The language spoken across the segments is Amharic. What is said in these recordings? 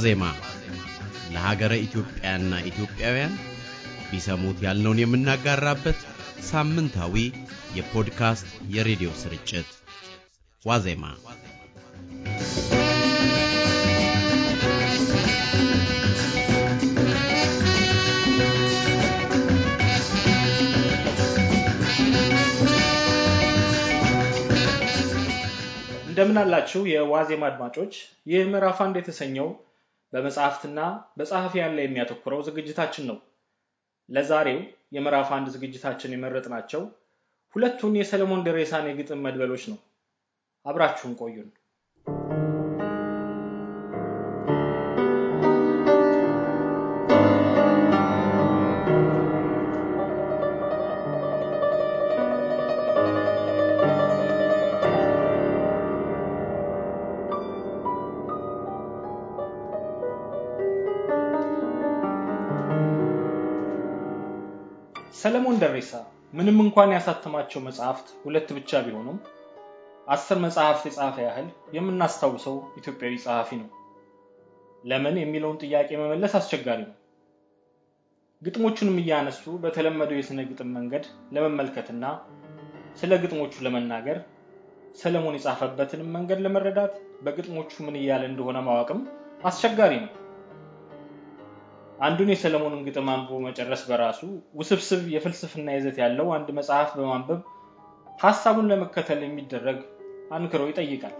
ዋዜማ ለሀገረ ኢትዮጵያና ኢትዮጵያውያን ቢሰሙት ያልነውን የምናጋራበት ሳምንታዊ የፖድካስት የሬዲዮ ስርጭት ዋዜማ። እንደምን አላችሁ የዋዜማ አድማጮች። ይህ ምዕራፍ አንድ የተሰኘው በመጽሐፍትና በጸሐፊያን ላይ የሚያተኩረው ዝግጅታችን ነው። ለዛሬው የምዕራፍ አንድ ዝግጅታችን የመረጥናቸው ሁለቱን የሰለሞን ደሬሳን የግጥም መድበሎች ነው። አብራችሁን ቆዩን። ሰለሞን ደሬሳ ምንም እንኳን ያሳተማቸው መጽሐፍት ሁለት ብቻ ቢሆኑም አስር መጽሐፍት የጻፈ ያህል የምናስታውሰው ኢትዮጵያዊ ጸሐፊ ነው። ለምን የሚለውን ጥያቄ መመለስ አስቸጋሪ ነው። ግጥሞቹንም እያነሱ በተለመደው የስነ ግጥም መንገድ ለመመልከትና ስለ ግጥሞቹ ለመናገር ሰለሞን የጻፈበትንም መንገድ ለመረዳት በግጥሞቹ ምን እያለ እንደሆነ ማወቅም አስቸጋሪ ነው። አንዱን የሰለሞኑን ግጥም አንብቦ መጨረስ በራሱ ውስብስብ የፍልስፍና ይዘት ያለው አንድ መጽሐፍ በማንበብ ሐሳቡን ለመከተል የሚደረግ አንክሮ ይጠይቃል።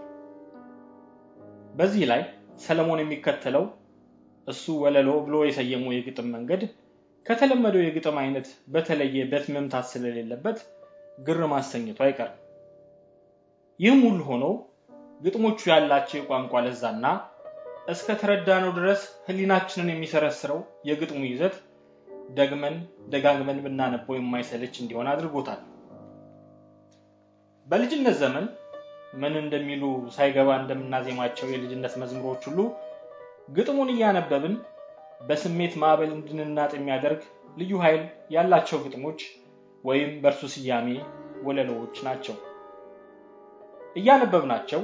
በዚህ ላይ ሰለሞን የሚከተለው እሱ ወለሎ ብሎ የሰየመው የግጥም መንገድ ከተለመደው የግጥም አይነት በተለየ በት መምታት ስለሌለበት ግር ማሰኘቱ አይቀርም። ይህም ሁሉ ሆኖ ግጥሞቹ ያላቸው የቋንቋ ለዛና እስከ ተረዳነው ድረስ ህሊናችንን የሚሰረስረው የግጥሙ ይዘት ደግመን ደጋግመን ብናነበው የማይሰለች እንዲሆን አድርጎታል። በልጅነት ዘመን ምን እንደሚሉ ሳይገባ እንደምናዜማቸው የልጅነት መዝምሮች ሁሉ ግጥሙን እያነበብን በስሜት ማዕበል እንድንናጥ የሚያደርግ ልዩ ኃይል ያላቸው ግጥሞች ወይም በእርሱ ስያሜ ወለሎዎች ናቸው። እያነበብ ናቸው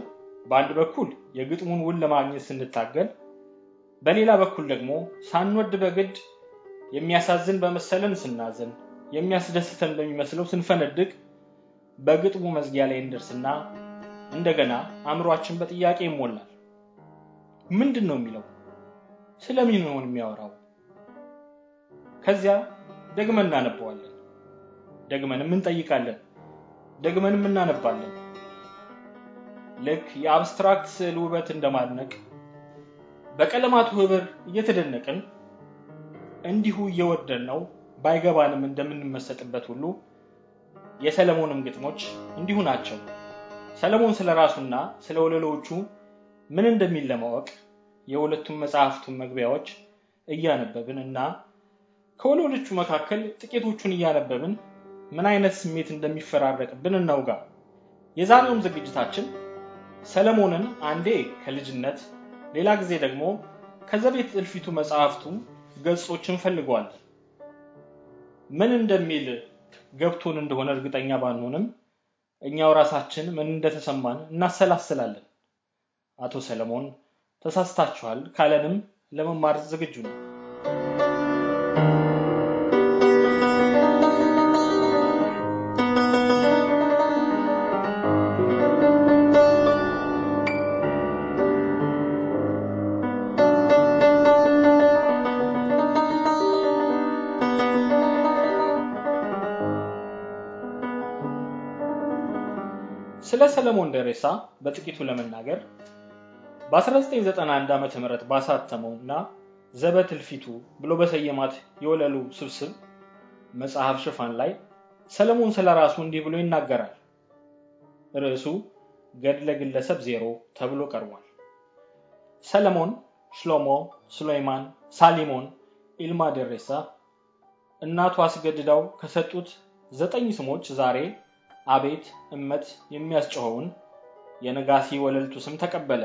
በአንድ በኩል የግጥሙን ውል ለማግኘት ስንታገል፣ በሌላ በኩል ደግሞ ሳንወድ በግድ የሚያሳዝን በመሰለን ስናዝን፣ የሚያስደስተን በሚመስለው ስንፈነድቅ በግጥሙ መዝጊያ ላይ እንደርስና እንደገና አእምሯችን በጥያቄ ይሞላል። ምንድን ነው የሚለው? ስለምን ይሆን የሚያወራው? ከዚያ ደግመን እናነበዋለን፣ ደግመንም እንጠይቃለን፣ ደግመንም እናነባለን። ልክ የአብስትራክት ስዕል ውበት እንደማድነቅ በቀለማቱ ህብር እየተደነቅን እንዲሁ እየወደን ነው ባይገባንም እንደምንመሰጥበት ሁሉ የሰለሞንም ግጥሞች እንዲሁ ናቸው። ሰለሞን ስለ ራሱና ስለ ወለሎቹ ምን እንደሚል ለማወቅ የሁለቱም መጽሐፍቱን መግቢያዎች እያነበብን እና ከወለሎቹ መካከል ጥቂቶቹን እያነበብን ምን አይነት ስሜት እንደሚፈራረቅብን እናውጋ። የዛሬውም ዝግጅታችን ሰለሞንን አንዴ ከልጅነት ሌላ ጊዜ ደግሞ ከዘቤት እልፊቱ መጽሐፍቱ ገጾችን ፈልጓል። ምን እንደሚል ገብቶን እንደሆነ እርግጠኛ ባንሆንም እኛው ራሳችን ምን እንደተሰማን እናሰላስላለን። አቶ ሰለሞን ተሳስታችኋል ካለንም ለመማር ዝግጁ ነው። ሰለሞን ደሬሳ በጥቂቱ ለመናገር በ1991 ዓ ም ባሳተመው እና ዘበትልፊቱ ብሎ በሰየማት የወለሉ ስብስብ መጽሐፍ ሽፋን ላይ ሰለሞን ስለ ራሱ እንዲህ ብሎ ይናገራል። ርዕሱ ገድለ ግለሰብ ዜሮ ተብሎ ቀርቧል። ሰለሞን፣ ሽሎሞ፣ ስሎይማን፣ ሳሊሞን ኢልማ ደሬሳ እናቱ አስገድዳው ከሰጡት ዘጠኝ ስሞች ዛሬ አቤት እመት የሚያስጨኸውን የነጋሲ ወለልቱ ስም ተቀበለ።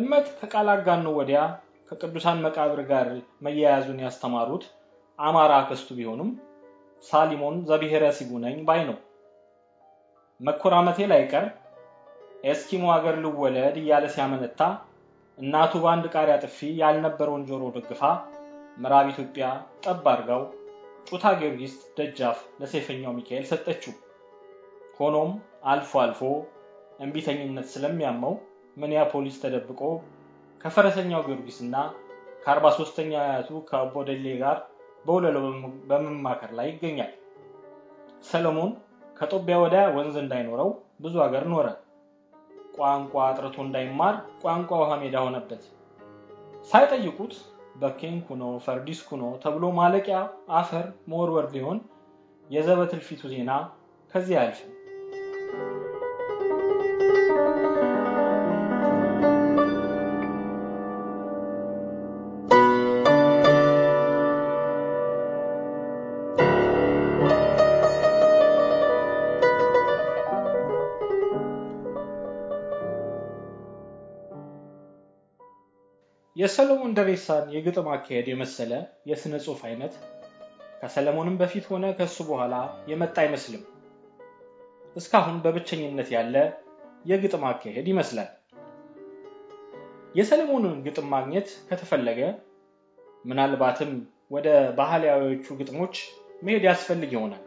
እመት ከቃል አጋኖ ወዲያ ከቅዱሳን መቃብር ጋር መያያዙን ያስተማሩት አማራ ከስቱ ቢሆኑም ሳሊሞን ዘብሔረ ሲጉነኝ ባይ ነው። መኮራመቴ ላይ ቀር ኤስኪሞ አገር ልወለድ እያለ ሲያመነታ እናቱ በአንድ ቃሪያ ጥፊ ያልነበረውን ጆሮ ደግፋ ምዕራብ ኢትዮጵያ ጠብ አርጋው ጩታ ጊዮርጊስ ደጃፍ ለሴፈኛው ሚካኤል ሰጠችው። ሆኖም አልፎ አልፎ እንቢተኝነት ስለሚያመው ሚኒያፖሊስ ተደብቆ ከፈረሰኛው ጊዮርጊስና ከ 43 ተኛ አያቱ ከቦደሌ ጋር በውለሎ በመማከር ላይ ይገኛል። ሰለሞን ከጦቢያ ወዲያ ወንዝ እንዳይኖረው ብዙ አገር ኖረ። ቋንቋ አጥርቶ እንዳይማር ቋንቋ ውሃ ሜዳ ሆነበት። ሳይጠይቁት በኬንክ ፈርዲስ ሁኖ ተብሎ ማለቂያ አፈር መወርወር ሊሆን የዘበትልፊቱ ዜና ከዚህ አያልፍም። የሰለሞን ደሬሳን የግጥም አካሄድ የመሰለ የሥነ ጽሑፍ አይነት ከሰለሞንም በፊት ሆነ ከሱ በኋላ የመጣ አይመስልም። እስካሁን በብቸኝነት ያለ የግጥም አካሄድ ይመስላል። የሰለሞንን ግጥም ማግኘት ከተፈለገ ምናልባትም ወደ ባህላዊዎቹ ግጥሞች መሄድ ያስፈልግ ይሆናል።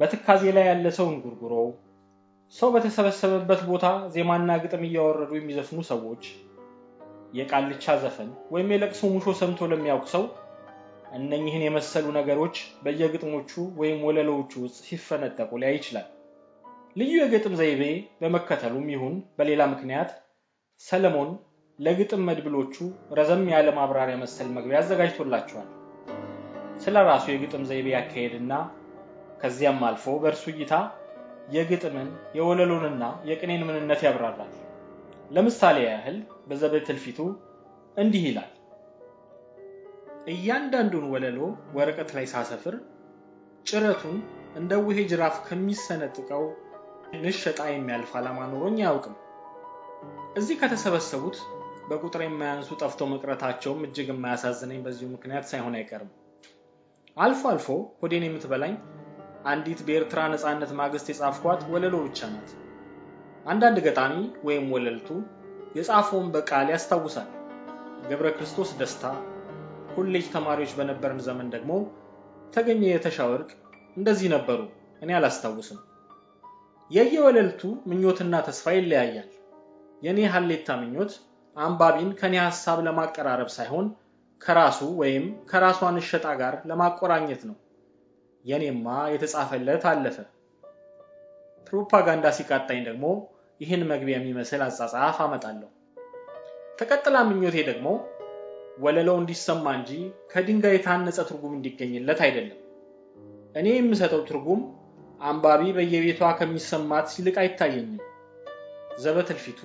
በትካዜ ላይ ያለ ሰው እንጉርጉሮ ሰው በተሰበሰበበት ቦታ ዜማና ግጥም እያወረዱ የሚዘፍኑ ሰዎች፣ የቃልቻ ዘፈን ወይም የለቅሶ ሙሾ ሰምቶ ለሚያውቅ ሰው እነኚህን የመሰሉ ነገሮች በየግጥሞቹ ወይም ወለሎቹ ውስጥ ሲፈነጠቁ ሊያይ ይችላል። ልዩ የግጥም ዘይቤ በመከተሉም ይሁን በሌላ ምክንያት ሰለሞን ለግጥም መድብሎቹ ረዘም ያለ ማብራሪያ መሰል መግቢያ አዘጋጅቶላቸዋል። ስለ ራሱ የግጥም ዘይቤ ያካሄድና ከዚያም አልፎ በእርሱ እይታ የግጥምን የወለሎንና የቅኔን ምንነት ያብራራል። ለምሳሌ ያህል በዘበ ትልፊቱ እንዲህ ይላል። እያንዳንዱን ወለሎ ወረቀት ላይ ሳሰፍር ጭረቱን እንደ ውሄ ጅራፍ ከሚሰነጥቀው ንሸጣ የሚያልፍ አላማ ኖሮኝ አያውቅም። እዚህ ከተሰበሰቡት በቁጥር የማያንሱ ጠፍቶ መቅረታቸውም እጅግ የማያሳዝነኝ በዚሁ ምክንያት ሳይሆን አይቀርም። አልፎ አልፎ ሆዴን የምትበላኝ አንዲት በኤርትራ ነፃነት ማግስት የጻፍኳት ወለሎ ብቻ ናት። አንዳንድ ገጣሚ ወይም ወለልቱ የጻፈውን በቃል ያስታውሳል። ገብረ ክርስቶስ ደስታ ኮሌጅ ተማሪዎች በነበርን ዘመን ደግሞ ተገኘ የተሻ ወርቅ እንደዚህ ነበሩ። እኔ አላስታውስም። የየወለልቱ ምኞትና ተስፋ ይለያያል። የኔ ሀሌታ ምኞት አንባቢን ከኔ ሀሳብ ለማቀራረብ ሳይሆን ከራሱ ወይም ከራሷ ንሸጣ ጋር ለማቆራኘት ነው። የኔማ የተጻፈለት አለፈ። ፕሮፓጋንዳ ሲቃጣኝ ደግሞ ይህን መግቢያ የሚመስል አጻጻፍ አመጣለሁ። ተቀጥላ ምኞቴ ደግሞ ወለለው እንዲሰማ እንጂ ከድንጋይ የታነጸ ትርጉም እንዲገኝለት አይደለም። እኔ የምሰጠው ትርጉም አንባቢ በየቤቷ ከሚሰማት ሲልቅ አይታየኝም። ዘበትል ፊቱ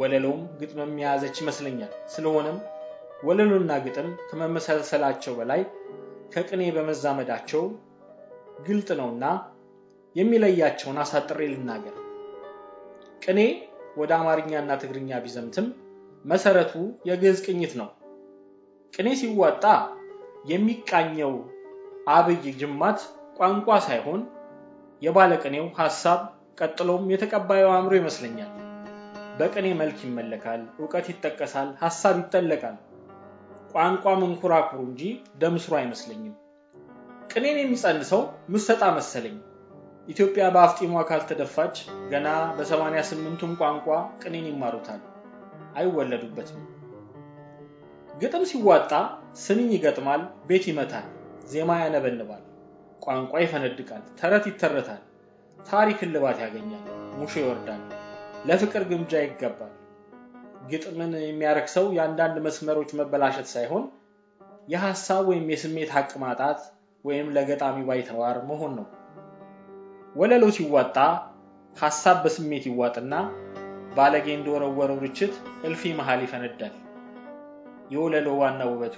ወለለውም ግጥምም የያዘች ይመስለኛል። ስለሆነም ወለሉና ግጥም ከመመሳሰላቸው በላይ ከቅኔ በመዛመዳቸው ግልጥ ነውና የሚለያቸውን አሳጥሬ ልናገር። ቅኔ ወደ አማርኛና ትግርኛ ቢዘምትም መሰረቱ የግዕዝ ቅኝት ነው። ቅኔ ሲዋጣ የሚቃኘው አብይ ጅማት ቋንቋ ሳይሆን የባለቅኔው ሐሳብ፣ ቀጥሎም የተቀባዩ አእምሮ ይመስለኛል። በቅኔ መልክ ይመለካል፣ እውቀት ይጠቀሳል፣ ሐሳብ ይጠለቃል። ቋንቋ መንኩራኩሩ እንጂ ደምስሩ አይመስለኝም። ቅኔን የሚጸንሰው ምሰጣ መሰለኝ። ኢትዮጵያ በአፍጢሟ ካልተደፋች ገና 8 ስምንቱም ቋንቋ ቅኔን ይማሩታል፣ አይወለዱበትም። ግጥም ሲዋጣ ስንኝ ይገጥማል፣ ቤት ይመታል፣ ዜማ ያነበንባል፣ ቋንቋ ይፈነድቃል፣ ተረት ይተረታል፣ ታሪክ ልባት ያገኛል፣ ሙሾ ይወርዳል፣ ለፍቅር ግምጃ ይገባል። ግጥምን የሚያረክሰው የአንዳንድ መስመሮች መበላሸት ሳይሆን የሐሳብ ወይም የስሜት ሀቅ ማጣት ወይም ለገጣሚ ባይተዋር መሆን ነው። ወለሉ ሲዋጣ ሐሳብ በስሜት ይዋጥና ባለጌ እንደወረወረው ርችት እልፊ መሃል ይፈነዳል። የወለሎ ዋና ውበቱ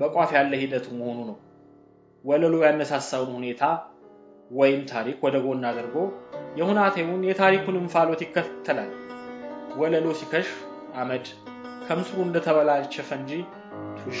በቋፍ ያለ ሂደቱ መሆኑ ነው። ወለሎ ያነሳሳውን ሁኔታ ወይም ታሪክ ወደ ጎን አድርጎ የሁናቴውን የታሪኩን እንፋሎት ይከተላል። ወለሎ ሲከሽ አመድ ከምስሩ እንደተበላቸፈ እንጂ ቱሽ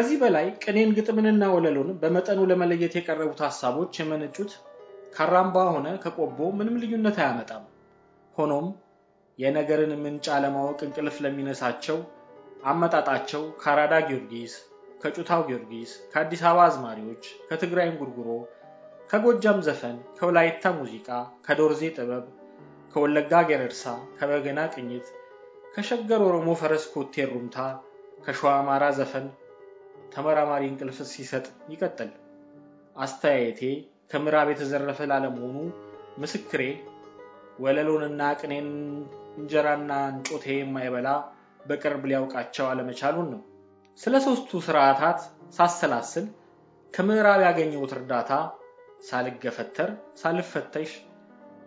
ከዚህ በላይ ቅኔን ግጥምንና ወለሉን በመጠኑ ለመለየት የቀረቡት ሐሳቦች የመነጩት ካራምባ ሆነ ከቆቦ ምንም ልዩነት አያመጣም። ሆኖም የነገርን ምንጭ አለማወቅ እንቅልፍ ለሚነሳቸው አመጣጣቸው ከአራዳ ጊዮርጊስ፣ ከጩታው ጊዮርጊስ፣ ከአዲስ አበባ አዝማሪዎች፣ ከትግራይ እንጉርጉሮ፣ ከጎጃም ዘፈን፣ ከወላይታ ሙዚቃ፣ ከዶርዜ ጥበብ፣ ከወለጋ ገረርሳ፣ ከበገና ቅኝት፣ ከሸገር ኦሮሞ ፈረስ ኮቴር ሩምታ፣ ከሸዋ አማራ ዘፈን ተመራማሪ እንቅልፍ ሲሰጥ ይቀጥል። አስተያየቴ ከምዕራብ የተዘረፈ ላለመሆኑ ምስክሬ ወለሎንና ቅኔን እንጀራና እንጮቴ የማይበላ በቅርብ ሊያውቃቸው አለመቻሉን ነው። ስለ ሶስቱ ስርዓታት ሳሰላስል ከምዕራብ ያገኘውት እርዳታ ሳልገፈተር ሳልፈተሽ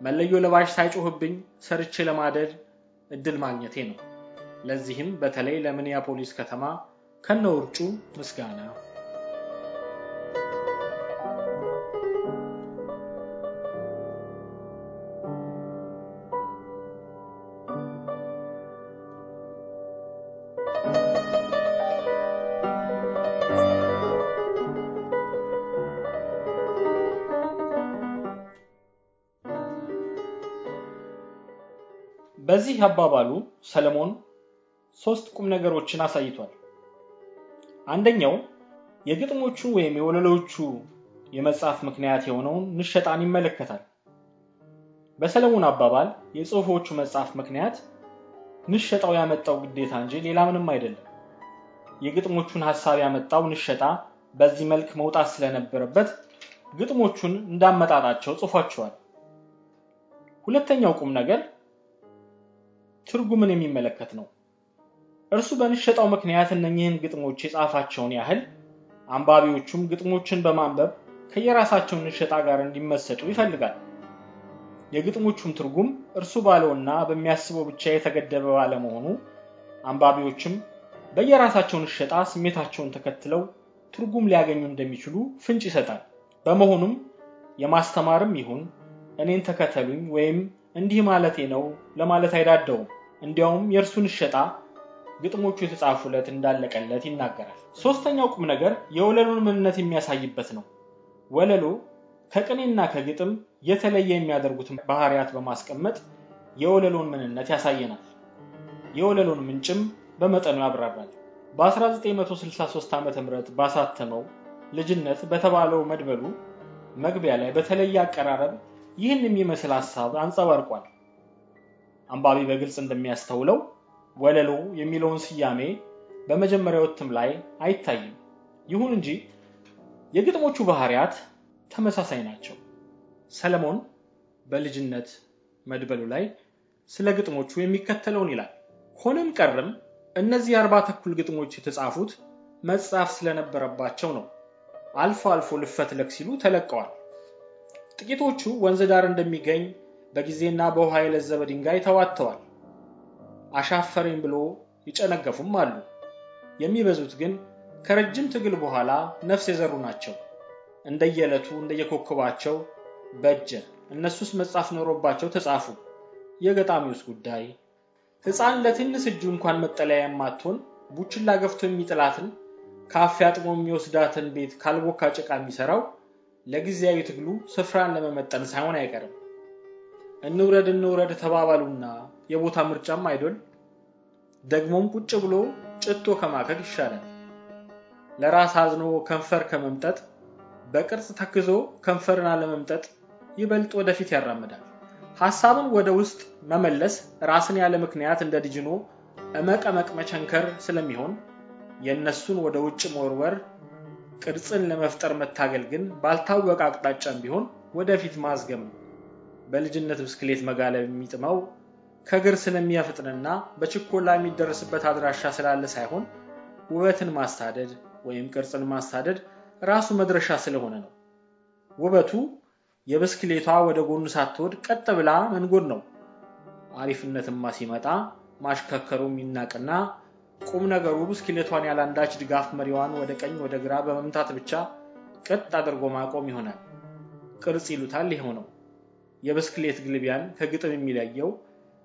መለዮ ለባሽ ሳይጮህብኝ ሰርቼ ለማደድ እድል ማግኘቴ ነው። ለዚህም በተለይ ለሚኒያፖሊስ ከተማ ከነውርጩ ምስጋና በዚህ አባባሉ ሰለሞን ሶስት ቁም ነገሮችን አሳይቷል። አንደኛው የግጥሞቹ ወይም የወለሎቹ የመጽሐፍ ምክንያት የሆነውን ንሸጣን ይመለከታል። በሰለሞን አባባል የጽሁፎቹ መጽሐፍ ምክንያት ንሸጣው ያመጣው ግዴታ እንጂ ሌላ ምንም አይደለም። የግጥሞቹን ሀሳብ ያመጣው ንሸጣ በዚህ መልክ መውጣት ስለነበረበት ግጥሞቹን እንዳመጣጣቸው ጽፏቸዋል። ሁለተኛው ቁም ነገር ትርጉምን የሚመለከት ነው። እርሱ በሚሸጠው ምክንያት እነኚህን ግጥሞች የጻፋቸውን ያህል አንባቢዎቹም ግጥሞችን በማንበብ ከየራሳቸው ንሸጣ ጋር እንዲመሰጡ ይፈልጋል። የግጥሞቹም ትርጉም እርሱ ባለውና በሚያስበው ብቻ የተገደበ ባለመሆኑ አንባቢዎችም በየራሳቸው ንሸጣ ስሜታቸውን ተከትለው ትርጉም ሊያገኙ እንደሚችሉ ፍንጭ ይሰጣል። በመሆኑም የማስተማርም ይሁን እኔን ተከተሉኝ ወይም እንዲህ ማለቴ ነው ለማለት አይዳደውም። እንዲያውም የእርሱን እሸጣ ግጥሞቹ የተጻፉለት እንዳለቀለት ይናገራል። ሶስተኛው ቁም ነገር የወለሉን ምንነት የሚያሳይበት ነው። ወለሉ ከቅኔና ከግጥም የተለየ የሚያደርጉትን ባህሪያት በማስቀመጥ የወለሉን ምንነት ያሳየናል። የወለሉን ምንጭም በመጠኑ ያብራራል። በ1963 ዓ ም ባሳተመው ልጅነት በተባለው መድበሉ መግቢያ ላይ በተለየ አቀራረብ ይህን የሚመስል ሀሳብ አንጸባርቋል። አንባቢ በግልጽ እንደሚያስተውለው ወለሉ የሚለውን ስያሜ በመጀመሪያው እትም ላይ አይታይም። ይሁን እንጂ የግጥሞቹ ባህሪያት ተመሳሳይ ናቸው። ሰለሞን በልጅነት መድበሉ ላይ ስለ ግጥሞቹ የሚከተለውን ይላል። ሆነም ቀርም እነዚህ አርባ ተኩል ግጥሞች የተጻፉት መጽሐፍ ስለነበረባቸው ነው። አልፎ አልፎ ልፈትለክ ሲሉ ተለቀዋል። ጥቂቶቹ ወንዝ ዳር እንደሚገኝ በጊዜና በውሃ የለዘበ ድንጋይ ተዋጥተዋል። አሻፈረኝ ብሎ ይጨነገፉም አሉ። የሚበዙት ግን ከረጅም ትግል በኋላ ነፍስ የዘሩ ናቸው። እንደየዕለቱ እንደየኮከባቸው በጀ። እነሱስ መጻፍ ኖሮባቸው ተጻፉ። የገጣሚውስ ጉዳይ ሕፃን ለትንስ እጁ እንኳን መጠለያ የማትሆን ቡችላ ገፍቶ የሚጥላትን ካፌ አጥሞ የሚወስዳትን ቤት ካልቦካ ጭቃ የሚሰራው ለጊዜያዊ ትግሉ ስፍራን ለመመጠን ሳይሆን አይቀርም። እንውረድ እንውረድ ተባባሉና የቦታ ምርጫም አይደል? ደግሞም ቁጭ ብሎ ጭቶ ከማከክ ይሻላል። ለራስ አዝኖ ከንፈር ከመምጠጥ በቅርጽ ተክዞ ከንፈርን አለመምጠጥ ይበልጥ ወደፊት ያራምዳል። ሐሳብን ወደ ውስጥ መመለስ ራስን ያለ ምክንያት እንደ ድጅኖ እመቀመቅ መቸንከር ስለሚሆን የእነሱን ወደ ውጭ መወርወር ቅርጽን ለመፍጠር መታገል ግን ባልታወቀ አቅጣጫም ቢሆን ወደፊት ማዝገም ነው። በልጅነት ብስክሌት መጋለብ የሚጥመው ከእግር ስለሚያፍጥንና በችኮላ የሚደረስበት አድራሻ ስላለ ሳይሆን ውበትን ማስታደድ ወይም ቅርጽን ማስታደድ ራሱ መድረሻ ስለሆነ ነው። ውበቱ የብስክሌቷ ወደ ጎኑ ሳትወድ ቀጥ ብላ መንጎድ ነው። አሪፍነትማ ሲመጣ ማሽከከሩ የሚናቅና ቁም ነገሩ ብስክሌቷን ያላንዳች ድጋፍ መሪዋን ወደ ቀኝ ወደ ግራ በመምታት ብቻ ቀጥ አድርጎ ማቆም ይሆናል። ቅርጽ ይሉታል። ይኸው ነው የብስክሌት ግልቢያን ከግጥም የሚለየው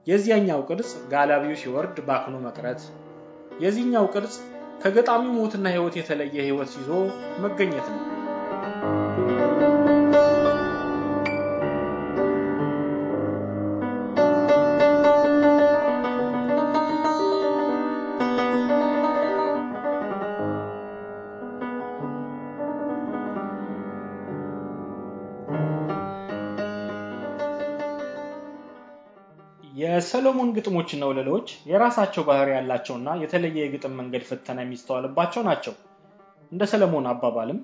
የዚያኛው ቅርጽ ጋላቢው ሲወርድ ባክኖ መቅረት፣ የዚህኛው ቅርጽ ከገጣሚው ሞትና ህይወት የተለየ ህይወት ይዞ መገኘት ነው። የሰሎሞን ግጥሞችና ወለሎች የራሳቸው ባህሪ ያላቸውና የተለየ የግጥም መንገድ ፍተና የሚስተዋልባቸው ናቸው። እንደ ሰለሞን አባባልም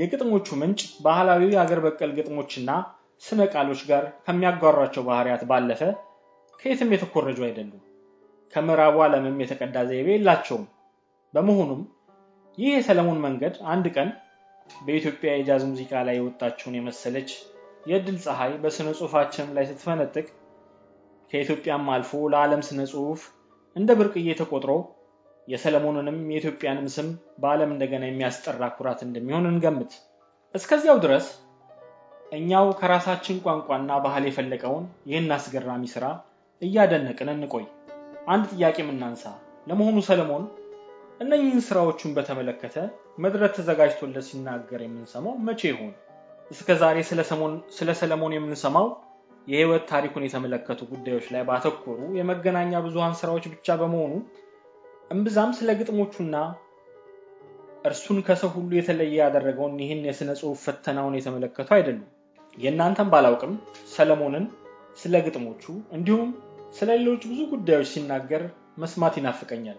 የግጥሞቹ ምንጭ ባህላዊ የአገር በቀል ግጥሞችና ስነ ቃሎች ጋር ከሚያጓሯቸው ባህሪያት ባለፈ ከየትም የተኮረጁ አይደሉም። ከምዕራቡ ዓለምም የተቀዳ ዘይቤ የላቸውም። በመሆኑም ይህ የሰለሞን መንገድ አንድ ቀን በኢትዮጵያ የጃዝ ሙዚቃ ላይ የወጣችውን የመሰለች የድል ፀሐይ በስነ ጽሁፋችን ላይ ስትፈነጥቅ ከኢትዮጵያም አልፎ ለዓለም ስነ ጽሁፍ እንደ ብርቅዬ ተቆጥሮ የሰለሞንንም የኢትዮጵያንም ስም በዓለም እንደገና የሚያስጠራ ኩራት እንደሚሆን እንገምት። እስከዚያው ድረስ እኛው ከራሳችን ቋንቋና ባህል የፈለቀውን ይህን አስገራሚ ስራ እያደነቅን እንቆይ። አንድ ጥያቄ ምናንሳ። ለመሆኑ ሰለሞን እነኚህን ስራዎቹን በተመለከተ መድረክ ተዘጋጅቶለት ሲናገር የምንሰማው መቼ ይሆን? እስከ ዛሬ ስለ ሰለሞን የምንሰማው የህይወት ታሪኩን የተመለከቱ ጉዳዮች ላይ ባተኮሩ የመገናኛ ብዙሃን ስራዎች ብቻ በመሆኑ እምብዛም ስለ ግጥሞቹና እርሱን ከሰው ሁሉ የተለየ ያደረገውን ይህን የሥነ ጽሑፍ ፈተናውን የተመለከቱ አይደሉም። የእናንተም ባላውቅም ሰለሞንን ስለ ግጥሞቹ እንዲሁም ስለ ሌሎች ብዙ ጉዳዮች ሲናገር መስማት ይናፍቀኛል።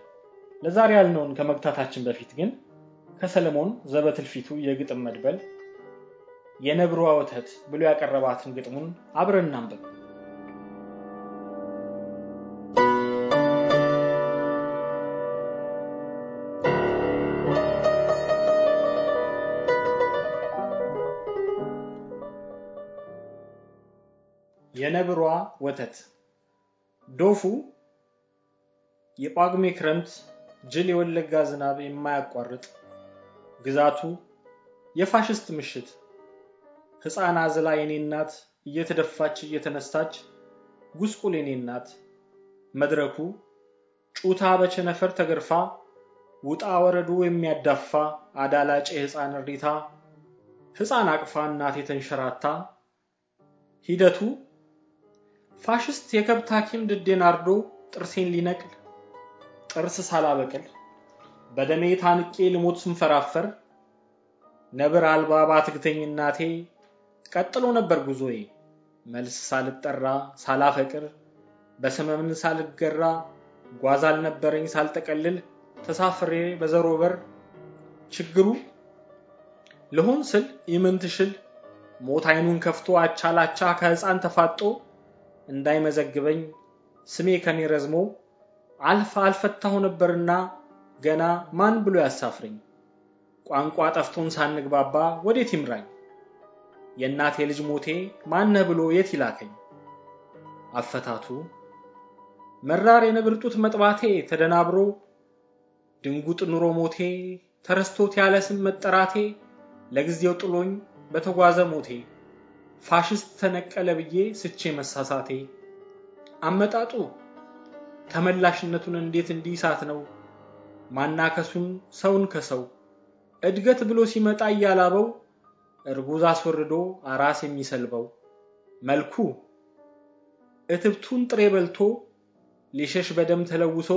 ለዛሬ ያልነውን ከመግታታችን በፊት ግን ከሰለሞን ዘበትልፊቱ የግጥም መድበል የነብሯ ወተት ብሎ ያቀረባትን ግጥሙን አብረን እናንብብ። የነብሯ ወተት ዶፉ የጳጉሜ ክረምት ጅል የወለጋ ዝናብ የማያቋርጥ ግዛቱ የፋሽስት ምሽት ሕፃን አዝላ የኔ እናት እየተደፋች እየተነሳች ጉስቁል የኔ እናት መድረኩ ጩታ በቸነፈር ተገርፋ ውጣ ወረዱ የሚያዳፋ አዳላጭ የሕፃን እሪታ ሕፃን አቅፋ እናት የተንሸራታ ሂደቱ ፋሽስት የከብት ሐኪም ድዴን አርዶ ጥርሴን ሊነቅል ጥርስ ሳላበቅል በደሜ ታንቄ ልሞት ስንፈራፈር ነብር አልባ ባትግተኝ እናቴ ቀጥሎ ነበር ጉዞዬ መልስ ሳልጠራ ሳላፈቅር በስመምን ሳልገራ ጓዝ አልነበረኝ ሳልጠቀልል ተሳፍሬ በዘሮ በር ችግሩ ልሆን ስል ይምንትሽል ሞት አይኑን ከፍቶ አቻላቻ ከህፃን ተፋጦ እንዳይመዘግበኝ ስሜ ከኔ ረዝሞ አልፍ አልፈታሁ ነበርና ገና ማን ብሎ ያሳፍረኝ ቋንቋ ጠፍቶን ሳንግባባ ወዴት ይምራኝ የእናቴ ልጅ ሞቴ ማነህ ብሎ የት ይላከኝ? አፈታቱ መራር የነብር ጡት መጥባቴ ተደናብሮ ድንጉጥ ኑሮ ሞቴ ተረስቶት ያለ ስም መጠራቴ ለጊዜው ጥሎኝ በተጓዘ ሞቴ ፋሽስት ተነቀለ ብዬ ስቼ መሳሳቴ አመጣጡ ተመላሽነቱን እንዴት እንዲህ ሳት ነው ማናከሱን ሰውን ከሰው እድገት ብሎ ሲመጣ እያላበው እርጉዝ አስወርዶ አራስ የሚሰልበው መልኩ እትብቱን ጥሬ በልቶ ሊሸሽ በደም ተለውሶ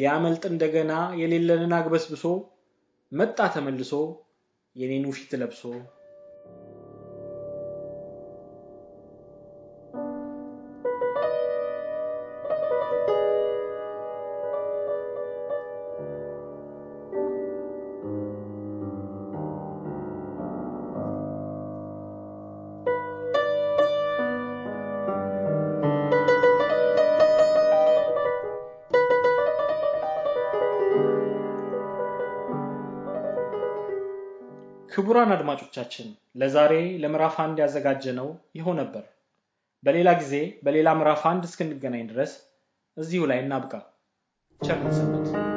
ሊያመልጥ እንደገና የሌለንን አግበስብሶ መጣ ተመልሶ የኔኑ ፊት ለብሶ ክቡራን አድማጮቻችን ለዛሬ ለምዕራፍ አንድ ያዘጋጀነው ይኸው ነበር። በሌላ ጊዜ በሌላ ምዕራፍ አንድ እስክንገናኝ ድረስ እዚሁ ላይ እናብቃ። ቸር